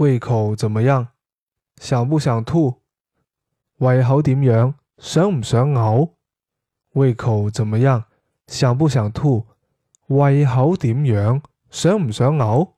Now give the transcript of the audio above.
胃口怎麼樣？想不想吐？胃口點樣？想唔想嘔？胃口怎麼樣？想不想吐？胃口點樣？想唔想嘔？